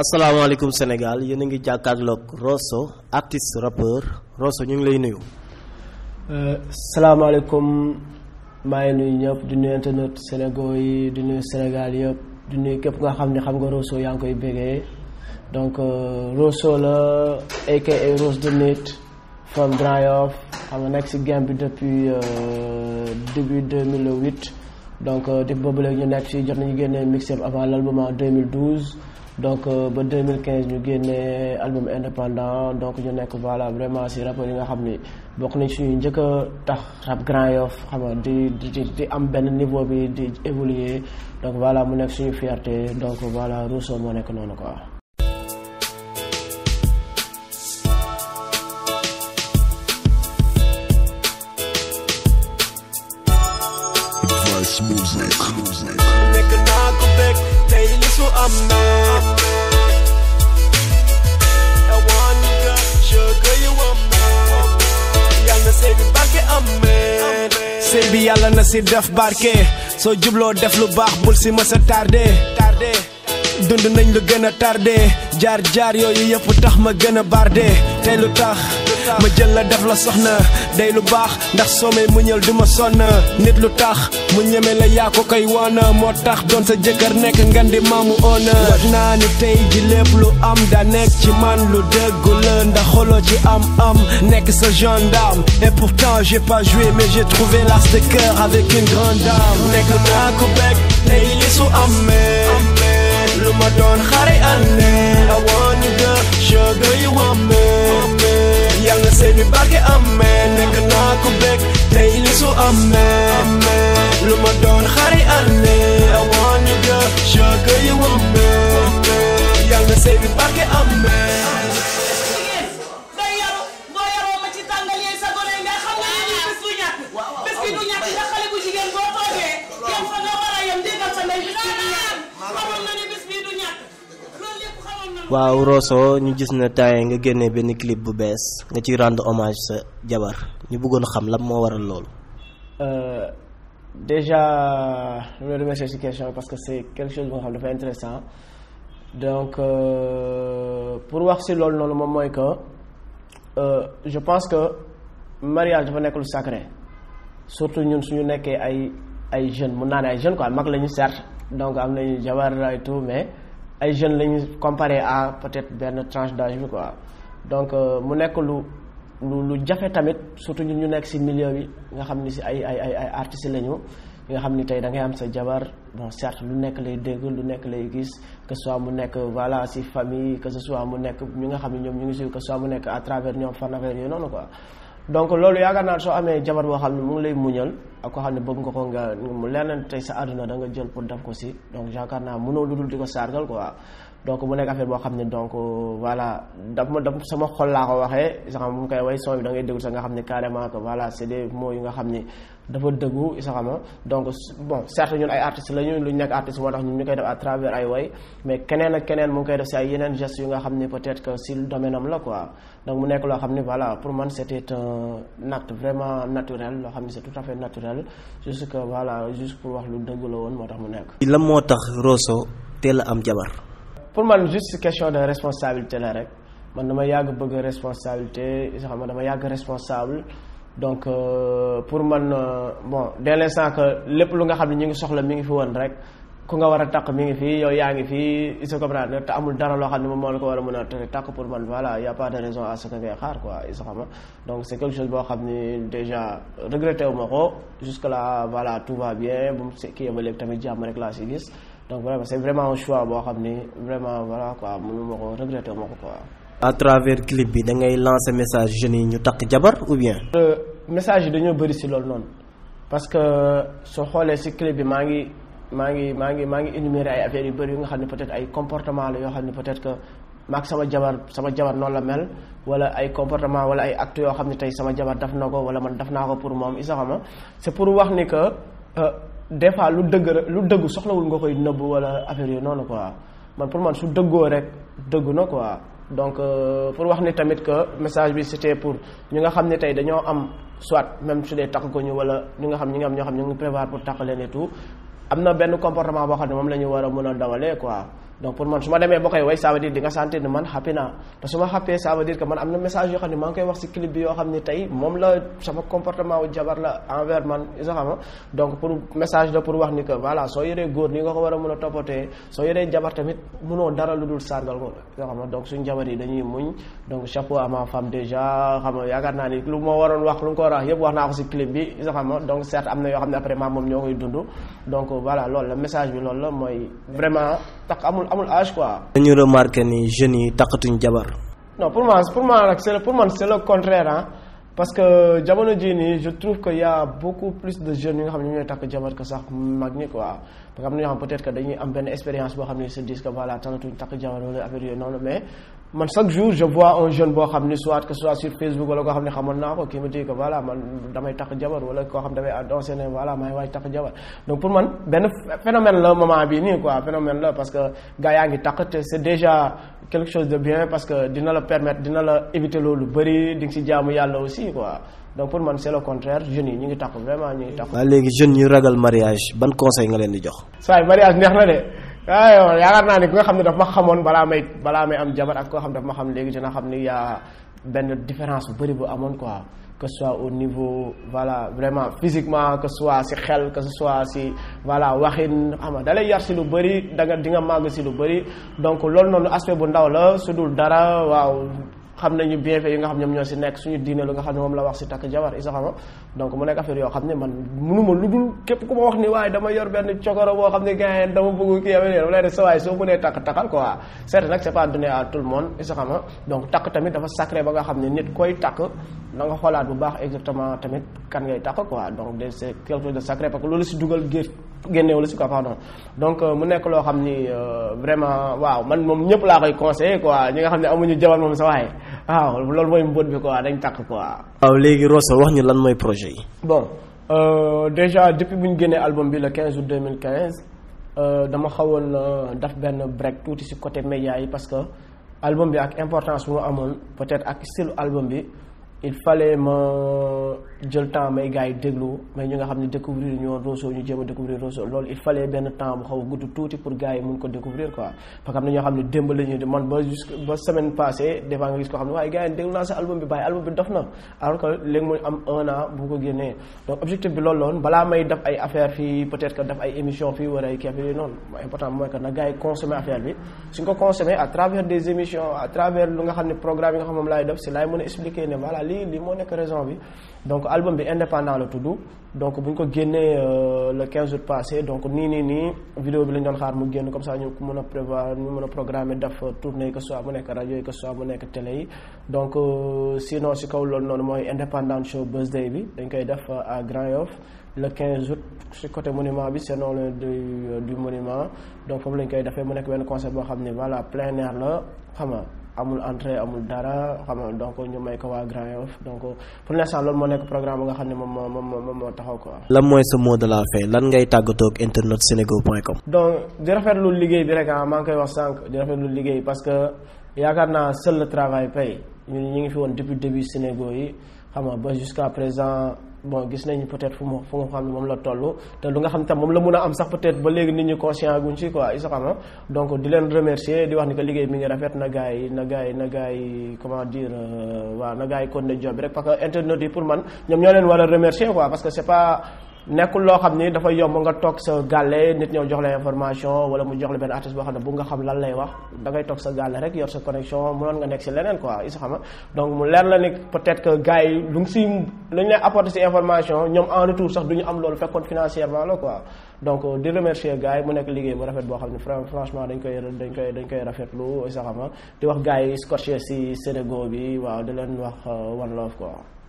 asalaamaaleykum Sénégal yéen a ngi jàkkaarloog Rosso artiste rappeur Rosso ñu ngi lay nuyu. Euh, salaamaaleykum maa ngi nuyu ñëpp di nuyu internet Sénégal yi di nuyu Sénégal yëpp du nuyu képp nga xam ne xam nga Rosso yaa ngi koy bégee donc euh, Rosso la aka Rose the Nit from Grand xam nga nekk si game bi depuis euh, début 2008 donc def boobu léegi ñu nekk si jot nañu génnee mixtape avant l'album en 2012. donc euh, ba 2015 ñu génnee album indépendant donc ñu nekk voilà vraiment si rappeurs yi nga xam ni bokk nañ suñu njëkk a tax rap Grand Yoff xam nga di di di am benn niveau bi di évoluer donc voilà mu nekk suñu fierté donc voilà Rousseau moo nekk noonu naa ko bekk su na ewan nga jëga am na bi yàlla na si def barke soo jubloo def lu baax bul si mës a tardé dund nañ lu gën a tardé jaar jaar yooyu yëpp tax ma gën a bardé tey lu tax ma jël la def la soxna day lu baax ndax soomee muñal du ma sonn nit lu taax mu ñeme la yaa ko moo tax doon sa jëkkër nekk nga di maamu oon wax naa ni tey ji lépp lu am daa nekk ci man lu dëggu la ndax xoloo ci am am nekk sa gendarme et pourtant j'ai pas joué mais j'ai trouvé l'as de cœur avec une grande nekk naa ko bekk li su amee lu ma doon xare année I want you girl sugar you want me yal na seeni barke amee nekk naa ku bég tey li su amee lu ma doon xari àndee waaw Rosso ñu gis ne temps nga génnee benn clip bu bees nga ciy rendre hommage sa jabar ñu bëggoon xam lan moo waral loolu. Euh, déjà je me remercie ci question parce que c'est quelque chose boo xam dafa intéressant donc euh, pour wax si loolu noonu moom mooy que euh, je pense que mariage dafa nekk lu sacré surtout ñun su ñu nekkee ay ay jeunes mu naa ne ay jeunes quoi mag la ñu certes donc am nañu jabar et tout mais. ay jeunes la ñu comparé à peut-être benn tranche d'âge bi quoi donc euh, mu nekk lu lu lu jafe tamit surtout ñun ñu nekk ci milieu bi nga xam ni ci ay ay ay ay artistes la ñu nga xam ni tey da am sa jabar bon certes lu nekk lay dégg lu nekk lay gis que soit mu nekk voilà ci famille que ce soit mu nekk ñi nga xam ne ñoom ñu ngi ci que soit mu nekk à travers ñoom fan affaire yooyu noonu quoi donc loolu yaakaar naa soo amee jabar boo xam ne mu ngi lay muñal ak ko xam ne bëgg nga ko nga mu leneen tey sa àdduna da jël pour def ko si donc yaakaar naa mënoo lu dul di ko sargal quoi donc mu nekk affaire boo xam ne donc voilà daf ma daf sama xol laa ko waxee sax mu koy way son bi da ngay déglu sax nga xam ne carrément ko voilà c'est des mots yu nga xam ni dafa dëggu isa xama donc bon certes ñun ay artistes la lu ñu nekk artiste moo tax ñun ñu koy def à travers ay way mais keneen ak keneen mu ngi koy def si ay yeneen gestes yu nga xam ne peut-être que si domaine la quoi donc mu nekk loo xam ne voilà pour man c'était un acte vraiment naturel loo xam ne c'est tout à fait naturel juste que voilà juste pour wax lu dëgg la woon moo tax mu nekk. lan moo tax Rosso teel a am jabar. pour man juste question de responsabilité la rek man dama yàgg bëgg responsabilité isa xama dama yàgg responsable. donc euh, pour man euh, bon dès l'instant que lépp lu nga xam ne ñu ngi soxla mi ngi fi woon rek ku nga war a takk mi ngi fi yow yaa ngi fi isa comprendre te amul dara loo xam ne moom moo la ko war a mën a takk pour a pas de raison à ce que ngay xaar quoi isa xama donc c'est quelque chose boo xam ni déjà ma ko jusque là voilà tout si gis donc vraiment c'est vraiment xam ni vraiment voilà quoi mënu ma ko regretté wu ma ko quoi à travers clip bi da ngay lancer message jeunes yi ñu takk jabar ou bien euh, message yi dañoo bëri si loolu noonu parce que soo xoolee si clip bi maa ngi maa ngi maa ngi maa ngi énumérer ay affaires yu bëri yu nga xam ne peut-être ay comportement la yoo xam ne peut-être que maag sama jabar sama jabar noonu la mel wala ay comportement wala ay actes yoo xam ne tey sama jabar daf na ko wala man daf naa ko pour moom isa xama c'est pour wax ni que euh, des fois lu dëgg lu dëgg soxlawul nga koy nëbb wala affaire yooyu noonu quoi man pour man su dëggoo rek dëgg na quoi donc euh, pour wax ni tamit que message bi c'était pour ñi nga xam ne tey dañoo am soit même su dee takk ko ñu wala ñi nga xam ñi nga am ñoo xam ñu ngi prévoir pour takk leen et tout am na benn comportement boo xam ne moom la ñu war a mën a dawalee quoi donc pour man su ma demee ba koy way ça veut dire di nga sentir ne man happy naa te su ma happee ça veut man am na message yoo xam ne maa ngi koy wax si clip bi la soo yoree góor ni nga ko war a mën a toppatee soo yoree jabar tamit mënoo dara lu dul ko isa xama donc suñ jabar yi dañuy muñ donc chapeau à ma femme déjà xam nga yaakaar naa ni lu ma waroon wax lu a wax yëpp wax naa ko si clip bi isa xama donc certes am na dund donc voilà loolu la message bi loolu la mooy vraiment tax amul amul âge quoi. dañu remarqué ni jeunes yi taxatuñ jabar. non pour moi pour moi nag c'est pour man c'est le contraire parce que jamono jii nii je trouve que y' a beaucoup plus de jeunes yi nga xam ne ñooy takk jabar que sax mag ñi quoi parce que am na ñoo xam peut-être que dañuy am benn expérience boo xam ne soit que soit sur Facebook wala koo xam ne xamoon naa ko kii ma di que voilà man damay takk jabar wala koo xam damay annoncé ne voilà may waaj takk jabar donc pour man benn phénomène la moment bii nii quoi phénomène la parce que gars yaa ngi takk te c'est quelque chose de bien parce que dina la permettre dina la éviter loolu bëri di nga si jaamu yàlla aussi quoi donc pour man c' est contraire jeunes yi ñu ngi takku vraiment ñu ngi takku. waaw léegi jeunes ñu ragal mariage ban conseil nga leen di jox. saa mariage neex na de. waaw yaakaar naa ne ki nga xam ne daf ma xamoon balaa may balaa may am jabar ak koo xam ne daf ma xam léegi dina xam ni yaa benn différence bu bëri bu amoon quoi. que ce soit au niveau voilà vraiment physiquement que ce soit si xel que soit si voilà waxin xam nga da lay yar si lu bëri da nga di nga màgg si lu bëri donc loolu noonu aspect bu ndaw la su dul dara waaw xam nañu bienfait yi nga xam ñoom ñoo si nekk suñu diine lu nga xam ne moom la wax si takk jabar isa xama donc mu nekk affaire yoo xam ne man lu dul képp ku ma wax ni waaye dama yor benn cokoro boo xam ne gars dama bëgg kii amee dama lay def sa waay soo mënee takk takkal quoi certes nag c'est pas donné à tout le monde isa xama donc takk tamit dafa sacré ba nga xam ne nit koy takk na nga xoolaat bu baax exactement tamit kan ngay takk quoi donc c'est quelque génnewu la si quoi pardon donc euh, mu nekk loo xam ni euh, vraiment waaw man moom ñëpp laa koy conseillé quoi ñi nga xam ne amuñu jabar moom sa waaye waaw loolu mooy mbóot bi quoi dañ takk quoi. waaw léegi Rosso wax ñu lan mooy projet yi. bon euh, déjà depuis bu ñu génnee album bi le 15 août 2015 dama xawoon daf benn break tuuti si côté média yi parce que album bi ak importance bu mu amoon peut-être ak style album bi il fallait ma. jël temps may gars yi déglu mais ñu nga xam ne découvrir ñoo Rosso ñu jéem a découvrir Rosso loolu il fallait benn temps bu xaw a gudd tuuti pour gars yi mun ko découvrir quoi parce que am na ñoo xam ne démb la ñuy de man ba jusque ba semaine passée des fois nga gis ko xam ne waaye gars yi déglu naa sa album bi bàyyi album bi dof na alors que léegi mu am un an bu ko génnee donc objectif bi loolu la woon balaa may def ay affaire fii peut-être que def ay émission fii wala ay kii affaire yi noonu important mooy que na gars yi consommer affaire bi suñ ko consommer à travers des émissions à travers lu nga xam ne programme yi nga xam moom laay def si laay mën a expliquer ne voilà lii lii moo nekk raison bi donc album bi indépendant la tudd donc bu ñu ko génnee euh, le 15 août passé donc nii nii nii vidéo bi lañ doon xaar mu génn comme ça ñu mën a prévoir ñu mën a programme def euh, tournée yi que soit mu nekk rajo yi que soit mu nekk télé yi donc euh, sinon si kaw loolu noonu mooy indépendant show birthday bi dañ koy def à Grand Yoff le 15 août si côté monument bi c'est non le du du monument donc foofu lañ koy defee mu nekk benn concert boo xam ne voilà plein air la xam amul entrée amul dara xam nga donc ñu may ko waa Grand Yoff donc pour l'instant loolu moo nekk programme nga xam ne moom moo moom moo taxaw quoi. lan mooy sa mot de la lan ngay tàggatoo ak internet sénégo point com. donc di rafetlu liggéey bi rek ah maa ngi koy wax sànq di rafetlu liggéey parce que yaakaar naa seul le travail paye ñun ñu ngi fi woon depuis début sénégo yi xam ba jusqu'à présent. bon gis nañu peut fu mu fu mu xam ne moom la toll te lu nga xam tam moom la mun a am sax peut-être ba léegi nit ñi conscient guñ ci quoi isa xam donc di leen remercier di wax ni que liggéey mi ngi rafet na gars yi na gars na gars comment dire euh, waaw na gars yi ne job rek parce que internet yi pour man ñoom ñoo leen war a remercier quoi parce que c'est pas nekkul loo xam ni dafa yomb nga toog sa gàlle nit ñëw jox la information wala mu jox la benn artiste boo xam ne bu nga xam lan lay wax da ngay toog sa gàlle rek yor sa connexion mënoon nga nekk si leneen quoi is xam donc mu leer la ni peut que gars yi lu ngi si lu ñu lay apporter si information ñoom en retour sax du ñu am loolu fekkoon financièrement la quoi donc euh, di remercier gars mu nekk liggéey bu rafet boo xam ne franchement dañ koy dañ koy dañ koy rafetlu is xam di wax gars yi scotché si Sénégal bi waaw di leen wax euh, one love quoi.